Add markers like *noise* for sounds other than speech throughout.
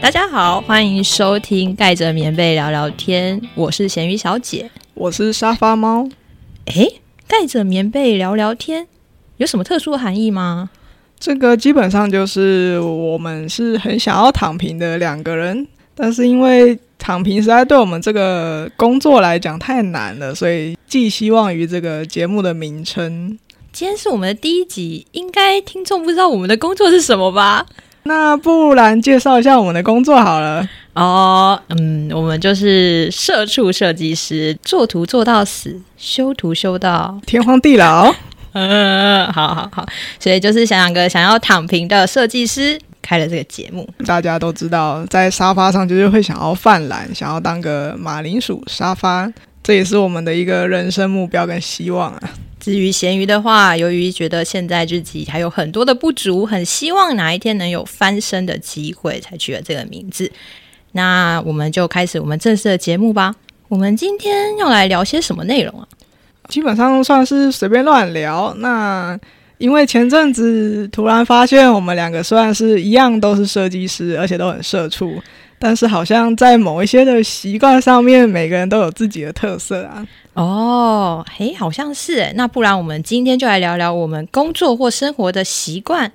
大家好，歡迎收聽《蓋著棉被聊聊天》。我是鹹魚小姐，我是沙發貓。誒，蓋着棉被聊聊天有什麼特殊的含義嗎？這個基本上就是我們是很想要躺平的兩個人，但是因為躺平實在對我們這個工作來講太難了，所以寄希望於這個節目的名稱。今天是我們的第一集，應該聽眾不知道我們的工作是什麼吧？那不然介紹一下我們的工作好了。哦，嗯，我們就是社畜設計師，做圖做到死，修圖修到天荒地老。 *laughs* 嗯，好好好，所以就是想兩個想要躺平的設計師開了這個節目，大家都知道，在沙發上就是會想要犯懶，想要當個馬鈴薯沙發，這也是我們的一個人生目標跟希望啊。至於鹹魚的話，由於覺得現在自己還有很多的不足，很希望哪一天能有翻身的機會，才取了這個名字。那我們就開始我們正式的節目吧。我們今天要來聊些什麼內容啊？基本上算是隨便亂聊。那因為前陣子突然發現，我們兩個算是一樣，都是設計師，而且都很社畜。但是好像在某一些的習慣上面，每個人都有自己的特色啊。哦，嘿，好像是誒，那不然我們今天就來聊聊我們工作或生活的習慣。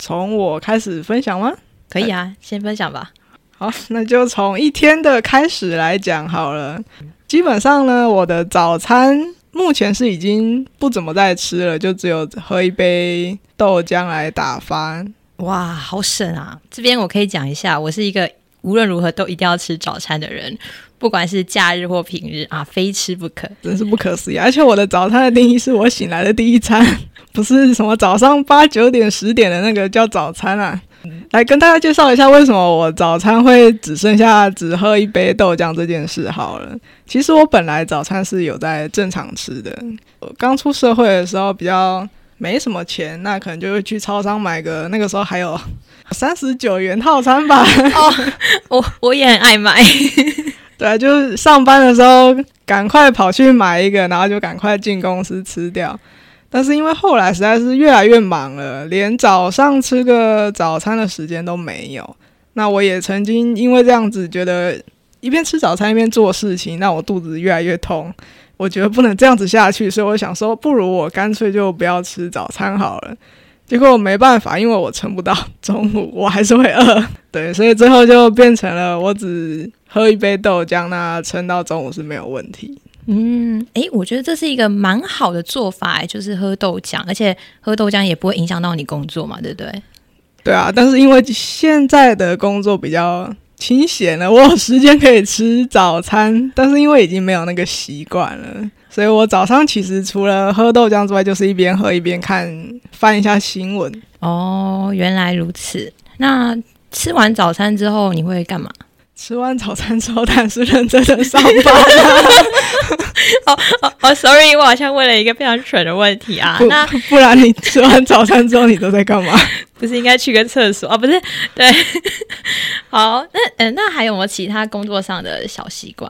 從我開始分享嗎？可以啊，先分享吧。呃，好，那就從一天的開始來講好了。 *laughs* 基本上呢，我的早餐目前是已經不怎麼在吃了，就只有喝一杯豆漿來打發。哇，好省啊！這邊我可以講一下，我是一個。無論如何都一定要吃早餐的人，不管是假日或平日啊，非吃不可，真是不可思議。嗯、而且我的早餐的定義是我醒來的第一餐，不是什麼早上八九點十點的那個叫早餐啊。嗯、來跟大家介紹一下，為什麼我早餐會只剩下只喝一杯豆漿這件事好了。其實我本來早餐是有在正常吃的，我剛出社會的時候比較沒什麼錢，那可能就會去超商買個那個時候還有三十九元套餐吧。哦、 *laughs* oh,，我我也很愛買， *laughs* 對啊，就是上班的時候趕快跑去買一個，然後就趕快進公司吃掉。但是因為後來實在是越來越忙了，連早上吃個早餐的時間都沒有。那我也曾經因為這樣子，覺得一邊吃早餐一邊做事情，那我肚子越來越痛。我覺得不能這樣子下去，所以我想說，不如我乾脆就不要吃早餐好了。結果沒辦法，因為我撐不到中午，我還是會餓。對，所以最後就變成了我只喝一杯豆漿，那撐到中午是沒有問題。嗯，誒，我覺得這是一個蠻好的做法，就是喝豆漿，而且喝豆漿也不會影響到你工作嘛，對不對？對啊，但是因為現在的工作比較。清閒了，我有時間可以吃早餐，但是因為已經沒有那個習慣了，所以我早上其實除了喝豆漿之外，就是一邊喝一邊看，翻一下新聞。哦，原來如此。那吃完早餐之後你會幹嘛？吃完早餐之後，但是認真的上班了。哦哦哦，Sorry，我好像問了一個非常蠢的問題啊。不，那不然你吃完早餐之後，你都在幹嘛？ *laughs* 不是應該去個廁所啊？不是，對。 *laughs* 好，那嗯、呃，那還有沒有其他工作上的小習慣？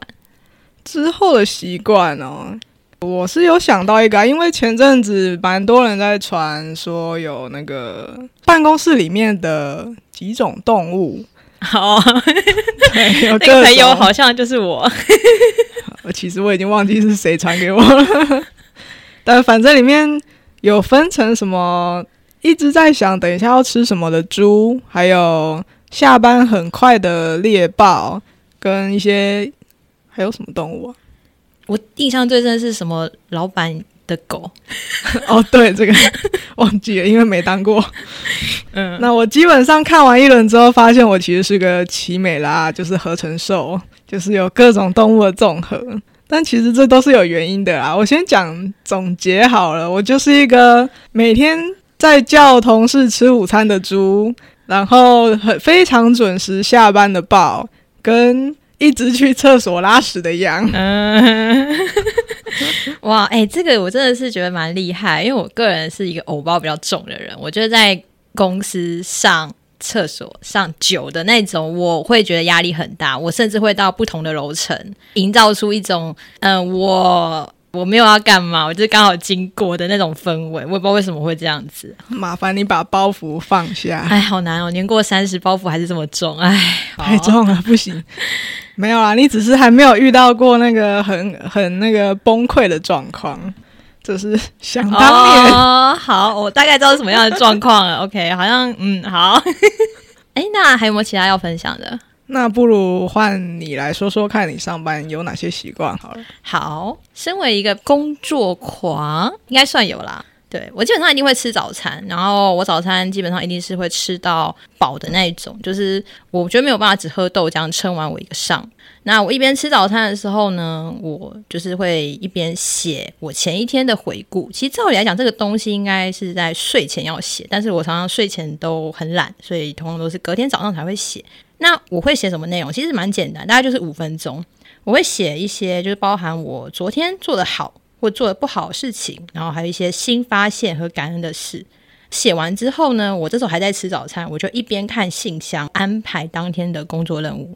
之後的習慣哦，我是有想到一個、啊，因為前陣子蠻多人在傳，說有那個辦公室裡面的幾種動物。好、哦， *laughs* 那 *laughs* 個朋友好像就是我。 *laughs* 其實我已經忘記是誰傳給我了， *laughs* 但反正裡面有分成什麼一直在想等一下要吃什麼的豬，還有下班很快的獵豹，跟一些還有什麼動物啊？我印象最深是什麼老闆？狗 *laughs* 哦，對這個忘記了，因為沒當過。 *laughs* 嗯，那我基本上看完一輪之後，發現我其實是個奇美拉，就是合成獸，就是有各種動物的綜合。但其實這都是有原因的啊！我先講總結好了，我就是一個每天在叫同事吃午餐的豬，然後很非常準時下班的豹跟，一直去廁所拉屎的羊。嗯， *laughs* 哇，哎、欸，這個我真的是覺得蠻厲害，因為我個人是一個偶包比較重的人，我覺得在公司上廁所上久的那種，我會覺得壓力很大。我甚至會到不同的樓層，營造出一種，嗯，我我沒有要幹嘛，我就剛好經過的那種氛圍。我也不知道為什麼會這樣子。麻煩你把包袱放下。哎，好難哦，年過三十，包袱還是這麼重，哎，太重了，不行。 *laughs* 沒有啊，你只是還沒有遇到過那個很很那個崩潰的狀況，就是想當年、 *laughs* oh, 哦。好，我大概知道什麼樣的狀況了。Roat, *laughs* OK，好像嗯，好。哎， *laughs* 那還有沒有其他要分享的？那不如換你來說說，看你上班有哪些習慣好了。好，身為一個工作狂，應該算有啦。對，我基本上一定會吃早餐，然後我早餐基本上一定是會吃到飽的那一種，就是我覺得沒有辦法只喝豆漿撐完我一個上午。那我一邊吃早餐的時候呢，我就是會一邊寫我前一天的回顧。其實照理來講，這個東西應該是在睡前要寫，但是我常常睡前都很懶，所以通通都是隔天早上才會寫。那我會寫什麼內容其實蠻簡單，大概就是五分鐘，我會寫一些就是包含我昨天做的好。或做的不好事情，然後還有一些新發現和感恩的事。寫完之後呢，我這時候還在吃早餐，我就一邊看信箱，安排當天的工作任務。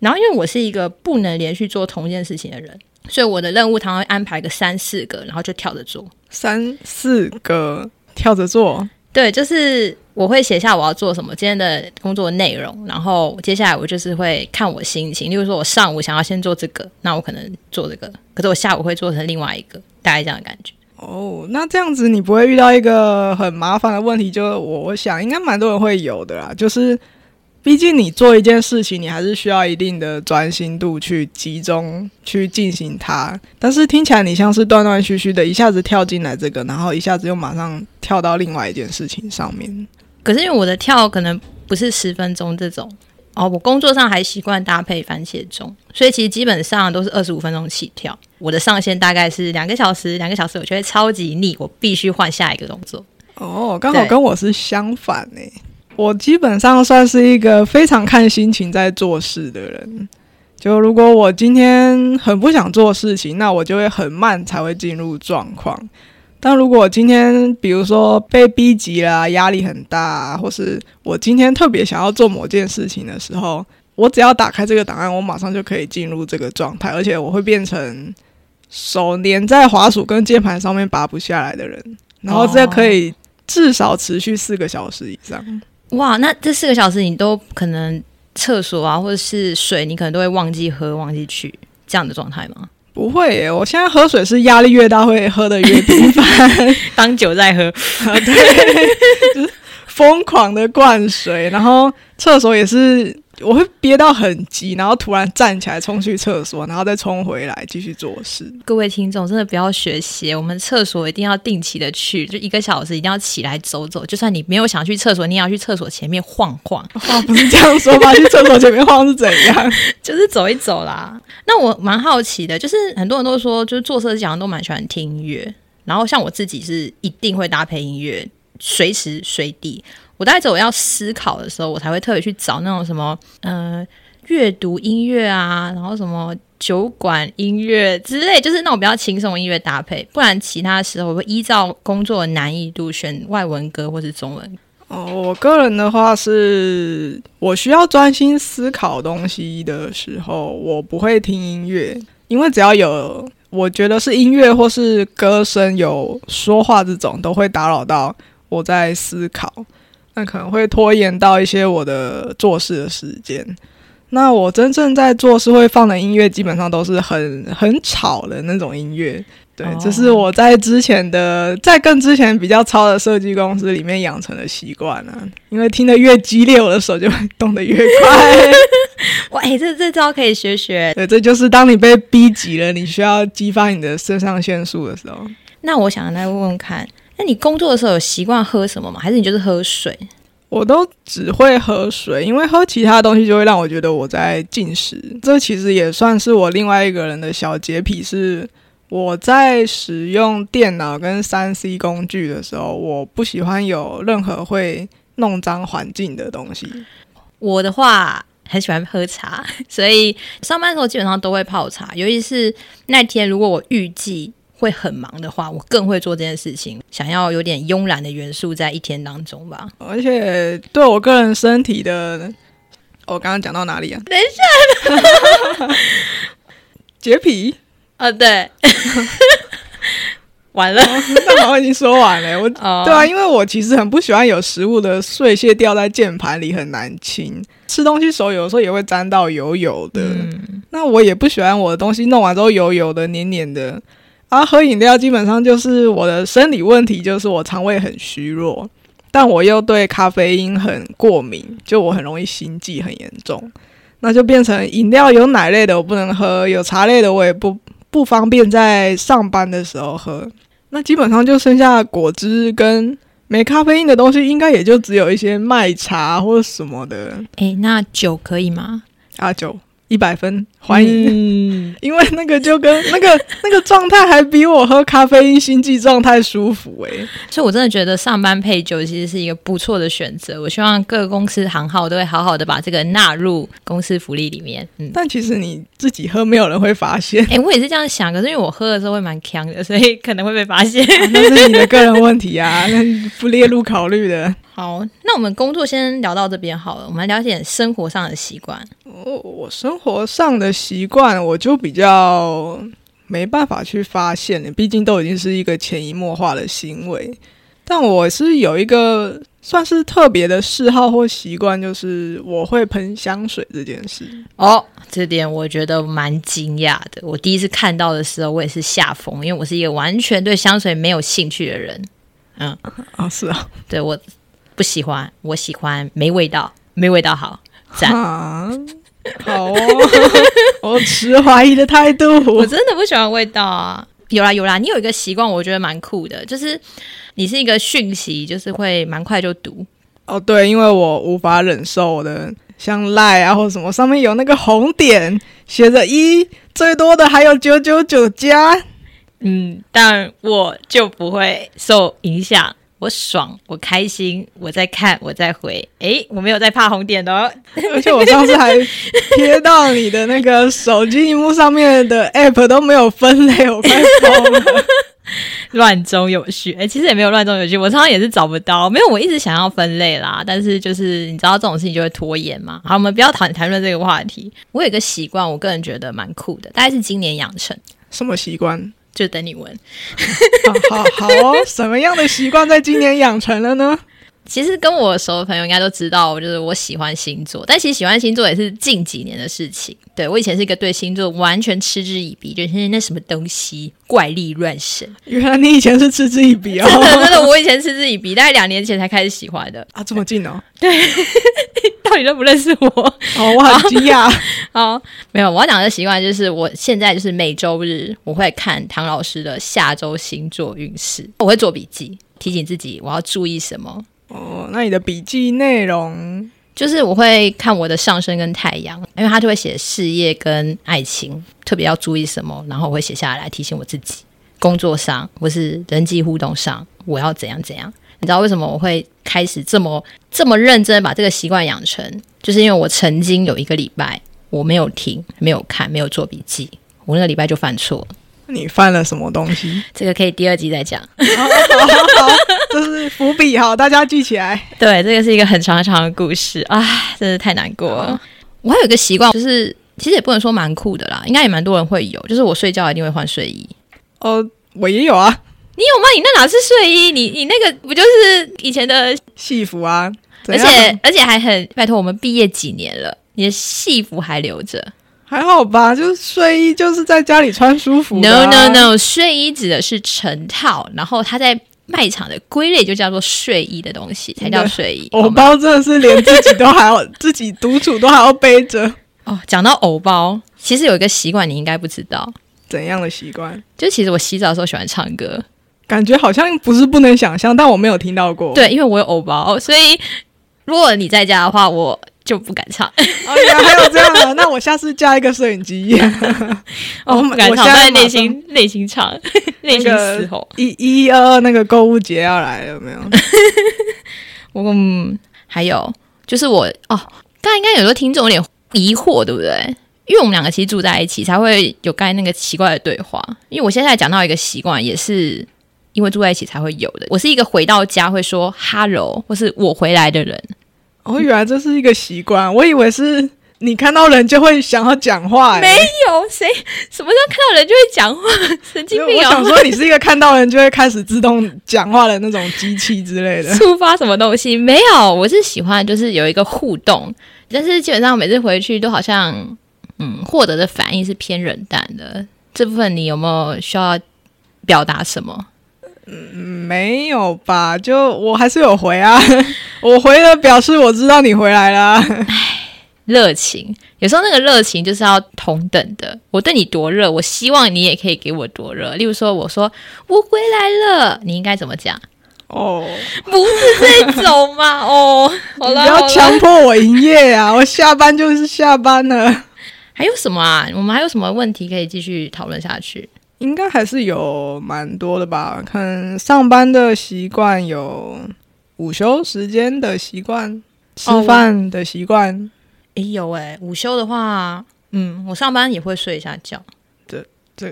然後，因為我是一個不能連續做同一件事情的人，所以我的任務他常會安排個三四個，然後就跳着做，三四個跳着做。對，就是我會寫下我要做什麼，今天的工作的內容，然後接下來我就是會看我心情，例如說我上午想要先做這個，那我可能做這個，可是我下午會做成另外一個，大概這樣的感覺。哦，oh, 那這樣子你不會遇到一個很麻煩的問題，就我想應該蠻多人會有的啦，就是。畢竟你做一件事情，你還是需要一定的專心度去集中去進行它。但是聽起來你像是斷斷續續的，一下子跳進來這個，然後一下子又馬上跳到另外一件事情上面。可是因為我的跳可能不是十分鐘這種，哦，我工作上還習慣搭配番茄鐘，所以其實基本上都是二十五分鐘起跳。我的上限大概是兩個小時，兩個小時我覺得超級膩，我必須換下一個動作。哦，剛好跟我是相反呢、欸。我基本上算是一個非常看心情在做事的人。就如果我今天很不想做事情，那我就會很慢才會進入狀況。但如果我今天比如說被逼急了啊，壓力很大啊，或是我今天特別想要做某件事情的時候，我只要打開這個檔案，我馬上就可以進入這個狀態，而且我會變成手黏在滑鼠跟鍵盤上面拔不下來的人，然後這可以至少持續四個小時以上。哇，那這四個小時你都可能廁所啊，或者是水，你可能都會忘記喝、忘記去這樣的狀態嗎？不會、欸，耶，我現在喝水是壓力越大，會喝得越頻繁， *laughs* 當酒在喝，呃、對， *laughs* 就是瘋狂的灌水，然後廁所也是。我會憋到很急，然後突然站起來衝去廁所，然後再衝回來繼續做事。各位聽眾真的不要學習，我們廁所一定要定期的去，就一個小時一定要起來走走。就算你沒有想去廁所，你也要去廁所前面晃晃。啊，不是這樣說吧？ *laughs* 去廁所前面晃是怎樣？ *laughs* 就是走一走啦。那我蠻好奇的，就是很多人都說，就是做設計好像都蠻喜歡聽音樂，然後像我自己是一定會搭配音樂，隨時隨地。帶着我，我要思考的時候，我才會特別去找那種什麼，呃，閱讀音樂啊，然後什麼酒館音樂之類，就是那種比較輕鬆的音樂搭配。不然其他的時候我會依照工作的難易度選外文歌或是中文。哦，我個人的話是，我需要專心思考東西的時候，我不會聽音樂，因為只要有我覺得是音樂或是歌聲有說話這種，都會打擾到我在思考。那可能會拖延到一些我的做事的時間。那我真正在做事會放的音樂，基本上都是很很吵的那種音樂。對，哦、這是我在之前的，在更之前比較糙的設計公司裡面養成的習慣啊。因為聽得越激烈，我的手就會動得越快。 *laughs* 哇，欸、這這招可以學學。對，這就是當你被逼急了，你需要激發你的腎上腺素的時候。那我想要來問問看。那你工作的時候有習慣喝什麼嗎？還是你就是喝水？我都只會喝水，因為喝其他東西就會讓我覺得我在進食。這其實也算是我另外一個人的小潔癖，是我在使用電腦跟三 C 工具的時候，我不喜歡有任何會弄髒環境的東西。我的話很喜歡喝茶，所以上班的時候基本上都會泡茶，尤其是那天如果我預計，會很忙的話，我更會做這件事情。想要有點慵懶的元素在一天當中吧。而且對我個人身體的，哦、我剛剛講到哪裡啊？等一下，潔 *laughs* 癖啊、哦，對， *laughs* 完了，哦、那我已經說完了。我、哦、對啊，因為我其實很不喜歡有食物的碎屑掉在鍵盤裡，很難清。吃東西手有的時候也會沾到油油的，嗯、那我也不喜歡我的東西弄完之後油油的、黏黏的。然後、啊、喝飲料基本上就是我的生理問題，就是我腸胃很虛弱，但我又對咖啡因很過敏，就我很容易心悸，很嚴重。那就變成飲料有奶類的我不能喝，有茶類的我也不不方便在上班的時候喝。那基本上就剩下果汁跟沒咖啡因的東西，應該也就只有一些麥茶或者什麼的。誒、欸，那酒可以嗎？啊，酒一百分。歡迎，嗯、因為那個就跟那個 *laughs* 那個狀態還比我喝咖啡因心悸狀態舒服哎、欸，所以我真的覺得上班配酒其實是一個不錯的選擇。我希望各個公司行號都會好好的把這個納入公司福利裡面。嗯，但其實你自己喝，沒有人會發現。哎、欸，我也是這樣想，可是因為我喝的時候會蠻強的，所以可能會被發現。啊、那是你的個人問題啊， *laughs* 那你不列入考慮的。好，那我們工作先聊到這邊好了，我們來聊點生活上的習慣。我我生活上的。習慣我就比較沒辦法去發現了，畢竟都已經是一個潛移默化的行為。但我是有一個算是特別的嗜好或習慣，就是我會噴香水這件事。哦，這點我覺得蠻驚訝的。我第一次看到的時候，我也是嚇瘋，因為我是一個完全對香水沒有興趣的人。嗯，啊、哦，是啊，對，我不喜歡，我喜歡沒味道，沒味道好，讚。好哦， *laughs* 我持懷疑的態度。我真的不喜歡味道啊！有啦有啦，你有一個習慣，我覺得蠻酷的，就是你是一個訊息，就是會蠻快就讀。哦，對，因為我無法忍受的，像賴啊或什麼，上面有那個紅點寫着一，1，最多的還有九九九加。嗯，但我就不會受影響。我爽，我開心，我在看，我在回。哎，我沒有在怕紅點的哦！而且我上次還貼到你的那個手機螢幕上面的 app 都沒有分類，我快瘋了。 *laughs* 亂中有序，哎，其實也沒有亂中有序，我常常也是找不到。沒有，我一直想要分類啦，但是就是你知道這種事情就會拖延嘛。好，我們不要談談論這個話題。我有一個習慣，我個人覺得蠻酷的，大概是今年養成。什麼習慣？就等你問， *laughs* *laughs* 嗯，好，好，哦，什麼樣的習慣在今年養成了呢？其實跟我熟的朋友應該都知道，就是我喜歡星座，但其實喜歡星座也是近幾年的事情。對，我以前是一個對星座完全嗤之以鼻，就是那什麼東西怪力亂神。原來你以前是嗤之以鼻啊、哦！真 *laughs* 的，真的，我以前嗤之以鼻，大概兩年前才開始喜歡的啊，這麼近哦！對， *laughs* 到底都不認識我哦，我很、啊、好驚訝啊！沒有，我要講的習慣就是，我現在就是每周日我會看唐老師的下周星座運勢，我會做筆記，提醒自己我要注意什麼。哦，oh, 那你的筆記內容就是，我會看我的上升跟太陽，因為他就會寫事業跟愛情，特別要注意什麼，然後我會寫下來提醒我自己，工作上或是人際互動上我要怎樣怎樣。你知道為什麼我會開始這麼這麼認真把這個習慣養成？就是因為我曾經有一個禮拜我沒有聽、沒有看、沒有做筆記，我那個禮拜就犯錯。你犯了什麼東西？這個可以第二集再講。 *laughs* 哦、好，好，好，這是伏筆哈、哦，大家聚起來。 *laughs* 對，這個是一個很長很長的故事，唉、啊，真的太難過了。哦、我還有一個習慣，就是其實也不能說蠻酷的啦，應該也蠻多人會有，就是我睡覺一定會換睡衣。哦，我也有啊。你有嗎？你那哪是睡衣？你你那個不就是以前的戲服啊？而且而且還很拜託，我們畢業幾年了，你的戲服還留着。還好吧，就是睡衣就是在家裡穿舒服的啊。No no no，睡衣指的是成套，然後它在賣場的歸類就叫做睡衣的東西才叫睡衣。偶的嗎包真的是連自己都還要 *laughs* 自己獨處都還要背着。哦，講到偶包，其實有一個習慣你應該不知道。怎樣的習慣？就其實我洗澡的時候喜歡唱歌，感覺好像不是不能想象，但我沒有聽到過。對，因為我有偶包，所以如果你在家的話，我。就不敢唱。哦，還有這樣的。那我下次加一個攝影機。不敢唱，內心內 *laughs* 心唱，內 *laughs* 心嘶吼，一一二二那個購物節要來了沒有？嗯，還有就是我哦，剛才應該有些聽眾有點疑惑，對不對？因為我們兩個其實住在一起，才會有剛才那個奇怪的對話。因為我現在講到一個習慣，也是因為住在一起才會有的。我是一個回到家會說哈嘍，或是“我回來”的人。哦，原來這是一個習慣，我以為是你看到人就會想要講話欸。沒有，誰什麼時候看到人就會講話，神經病！我想說，你是一個看到人就會開始自動講話的那種機器之類的，觸發什麼東西？沒有，我是喜歡就是有一個互動，但是基本上每次回去都好像嗯，獲得的反應是偏冷淡的。這部分你有沒有需要表達什麼？嗯，沒有吧，就我還是有回啊。我回了，表示我知道你回來了。哎，熱情有時候那個熱情就是要同等的。我對你多熱，我希望你也可以給我多熱。例如說，我說我回來了，你應該怎麼講？哦，oh. 不是這種嘛？哦，好了，不要強迫我營業啊！我下班就是下班了。 *laughs* 還有什麼啊？我們還有什麼問題可以繼續討論下去？應該還是有蠻多的吧？看上班的習慣有。午休時間的習慣，吃飯的習慣。哎呦喂，午休的話，嗯，我上班也會睡一下覺。這這，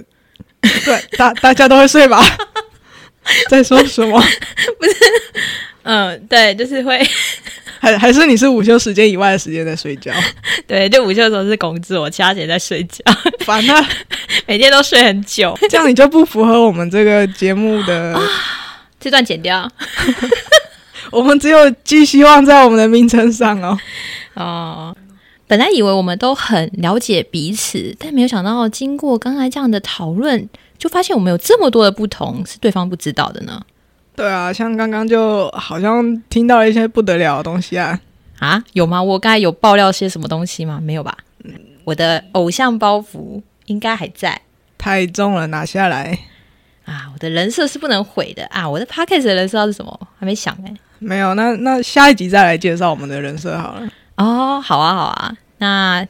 對， *laughs* 大大家都會睡吧？ *laughs* 在說什麼？不是，嗯，對，就是會。還還是你是午休時間以外的時間在睡覺？ *laughs* 對，就午休的時候是工作，我其他時間在睡覺。煩啊！ *laughs* 每天都睡很久，這樣你就不符合我們這個節目的 *laughs* 、啊。這段剪掉。 *laughs* 我們只有寄希望在我們的名稱上哦。哦，本來以為我們都很了解彼此，但沒有想到經過剛才這樣的討論，就發現我們有這麼多的不同是對方不知道的呢。對啊，像剛剛就好像聽到了一些不得了的東西啊。啊，有嗎？我剛才有爆料些什麼東西嗎？沒有吧？嗯、我的偶像包袱應該還在，太重了，拿下來啊！我的人設是不能毀的啊！我的 podcast 的人設是什麼？還沒想呢、欸。沒有，那那下一集再來介紹我們的人設好了。哦，好啊，好啊，那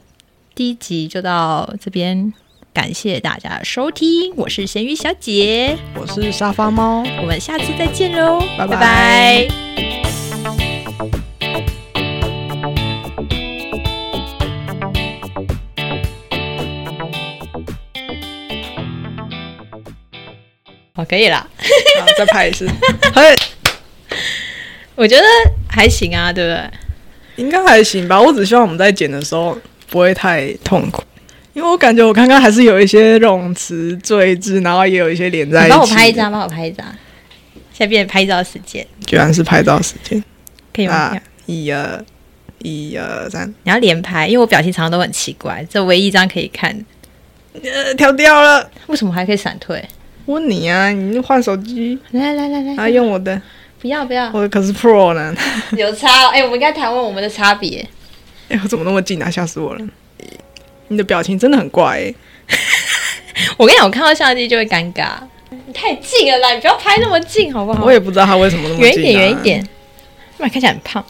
第一集就到這邊，感謝大家收聽，我是鹹魚小姐，我是沙發貓，我們下次再見嘍，拜拜拜。拜拜。好，可以啦，再拍一次。 *laughs* 嘿我覺得還行啊，對不對？應該還行吧。我只希望我們在剪的時候不會太痛苦，因為我感覺我剛剛還是有一些冗詞贅字，然後也有一些連在一起。幫我拍一張，幫我拍一張，現在變拍照時間。居然是拍照時間， *laughs* 可以嗎？一二一二三，1, 2, 1, 2, 你要連拍，因為我表情常常都很奇怪。這唯一一張可以看，呃，跳掉了。為什麼還可以閃退？問你啊，你換手機。來來來來來，啊，用我的。 *laughs* 不要不要！不要，我可是 Pro 呢。 *laughs* 有差哎、啊欸，我們應該談論我們的差別、欸。哎、欸，我怎麼那麼近啊？嚇死我了！你的表情真的很怪、欸。 *laughs* 我跟你講，我看到相機就會尷尬。你太近了啦！你不要拍那麼近好不好？ *laughs* 我也不知道他為什麼那麼近、啊。遠一點，遠一點。哇，看起來很胖。